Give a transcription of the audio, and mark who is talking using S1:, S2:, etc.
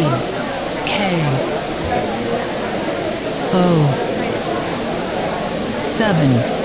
S1: K
S2: O